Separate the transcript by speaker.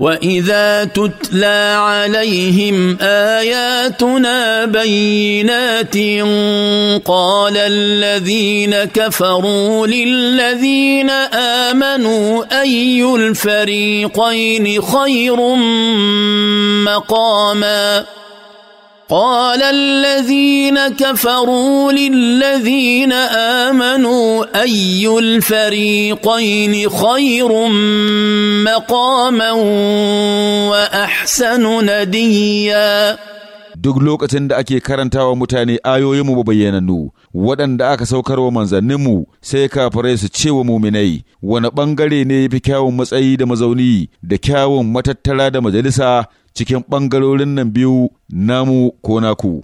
Speaker 1: واذا تتلى عليهم اياتنا بينات قال الذين كفروا للذين امنوا اي الفريقين خير مقاما قال الذين كفروا للذين امنوا اي الفريقين خير مقاما واحسن نديا
Speaker 2: duk lokacin da ake karantawa mutane ayoyinmu ba bayyanannu waɗanda aka saukar wa manzanninmu sai kafirai su ce wa muminai wani ɓangare ne ya fi kyawun matsayi da mazauni da kyawun matattara da majalisa cikin ɓangarorin nan biyu namu ko naku.